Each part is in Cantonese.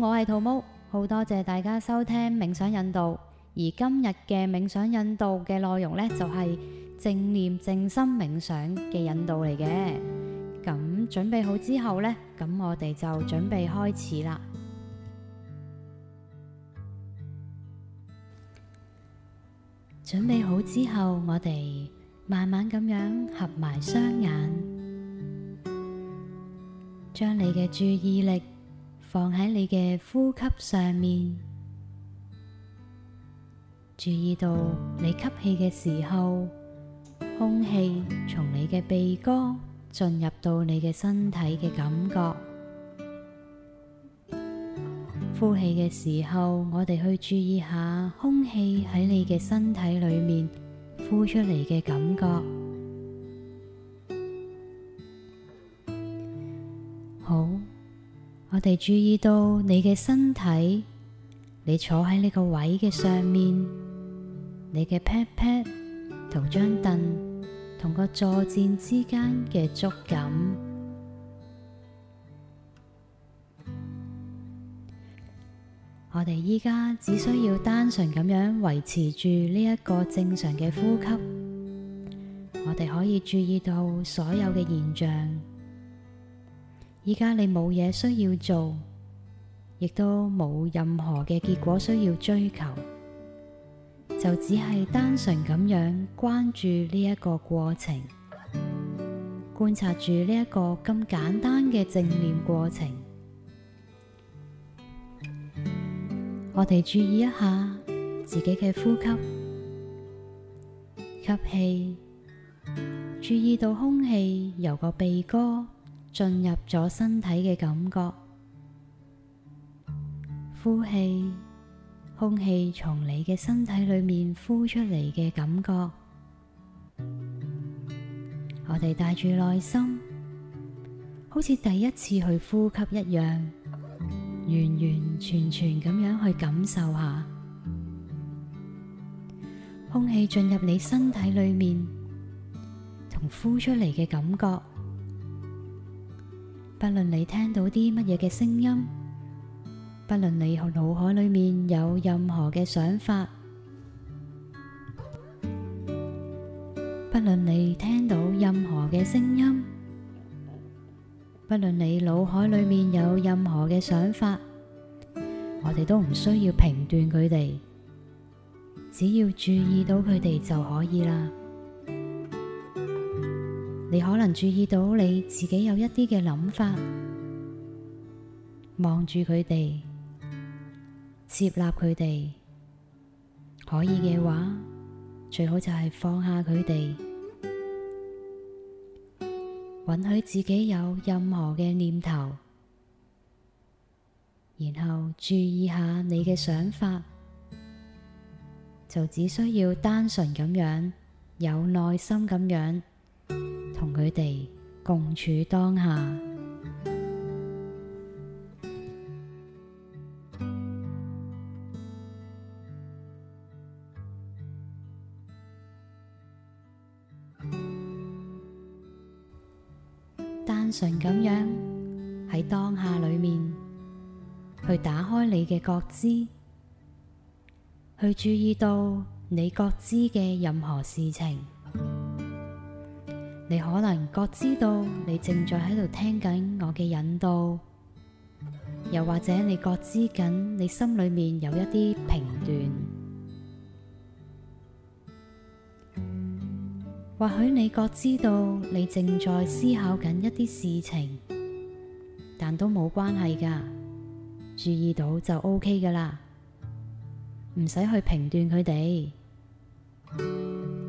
我係兔毛，好多謝大家收聽冥想引導。而今日嘅冥想引導嘅內容呢，就係正念靜心冥想嘅引導嚟嘅。咁準備好之後呢，咁我哋就準備開始啦。準備好之後，我哋慢慢咁樣合埋雙眼，將你嘅注意力。放喺你嘅呼吸上面，注意到你吸氣嘅時候，空氣從你嘅鼻哥進入到你嘅身體嘅感覺；呼氣嘅時候，我哋去注意下空氣喺你嘅身體裏面呼出嚟嘅感覺。好。我哋注意到你嘅身體，你坐喺呢個位嘅上面，你嘅 pat pat 同張凳同個坐墊之間嘅觸感。我哋依家只需要單純咁樣維持住呢一個正常嘅呼吸，我哋可以注意到所有嘅現象。而家你冇嘢需要做，亦都冇任何嘅結果需要追求，就只係單純咁樣關注呢一個過程，觀察住呢一個咁簡單嘅正念過程。我哋注意一下自己嘅呼吸，吸氣，注意到空氣由個鼻哥。進入咗身體嘅感覺，呼氣，空氣從你嘅身體裏面呼出嚟嘅感覺，我哋帶住內心，好似第一次去呼吸一樣，完完全全咁樣去感受下，空氣進入你身體裏面，同呼出嚟嘅感覺。不論你聽到啲乜嘢嘅聲音，不論你腦海裏面有任何嘅想法，不論你聽到任何嘅聲音，不論你腦海裏面有任何嘅想法，我哋都唔需要評斷佢哋，只要注意到佢哋就可以啦。你可能注意到你自己有一啲嘅諗法，望住佢哋，接納佢哋，可以嘅話，最好就係放下佢哋，允許自己有任何嘅念頭，然後注意下你嘅想法，就只需要單純咁樣，有耐心咁樣。同佢哋共處當下，單純咁樣喺當下裏面去打開你嘅覺知，去注意到你覺知嘅任何事情。你可能覺知道你正在喺度聽緊我嘅引導，又或者你覺知緊你心裏面有一啲評斷，或許你覺知道你正在思考緊一啲事情，但都冇關係噶，注意到就 OK 噶啦，唔使去評斷佢哋。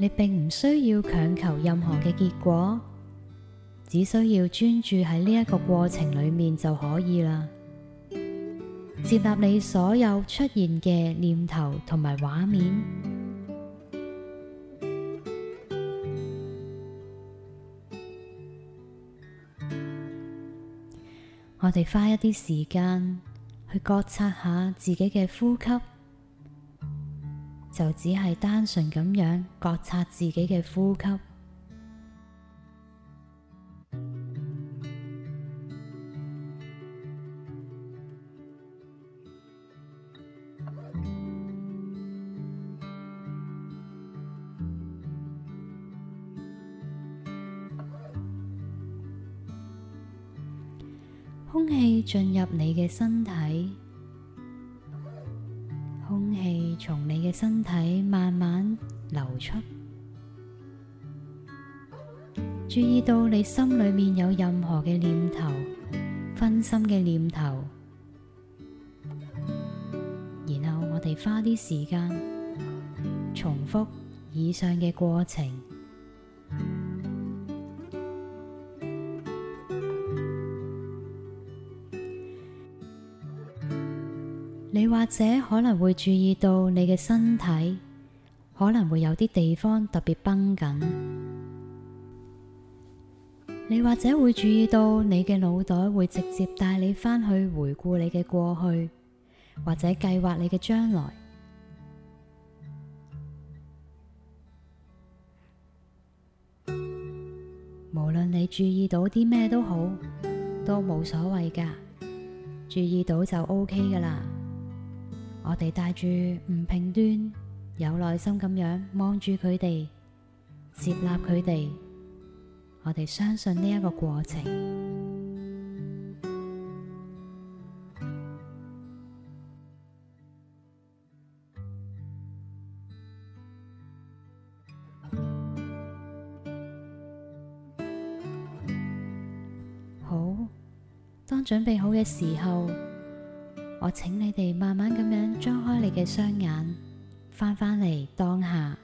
你並唔需要強求任何嘅結果，只需要專注喺呢一個過程裏面就可以啦。接納你所有出現嘅念頭同埋畫面。我哋花一啲時間去覺察下自己嘅呼吸。就只係單純咁樣覺察自己嘅呼吸，空氣進入你嘅身體。從你嘅身體慢慢流出，注意到你心裏面有任何嘅念頭、分心嘅念頭，然後我哋花啲時間重複以上嘅過程。你或者可能會注意到你嘅身體可能會有啲地方特別繃緊，你或者會注意到你嘅腦袋會直接帶你返去回顧你嘅過去，或者計劃你嘅將來。無論你注意到啲咩都好，都冇所謂噶，注意到就 OK 噶啦。我哋帶住唔平端，有耐心咁樣望住佢哋，接納佢哋。我哋相信呢一個過程。嗯。好，當準備好嘅時候，我請你哋慢慢咁樣張開你嘅雙眼，翻返嚟當下。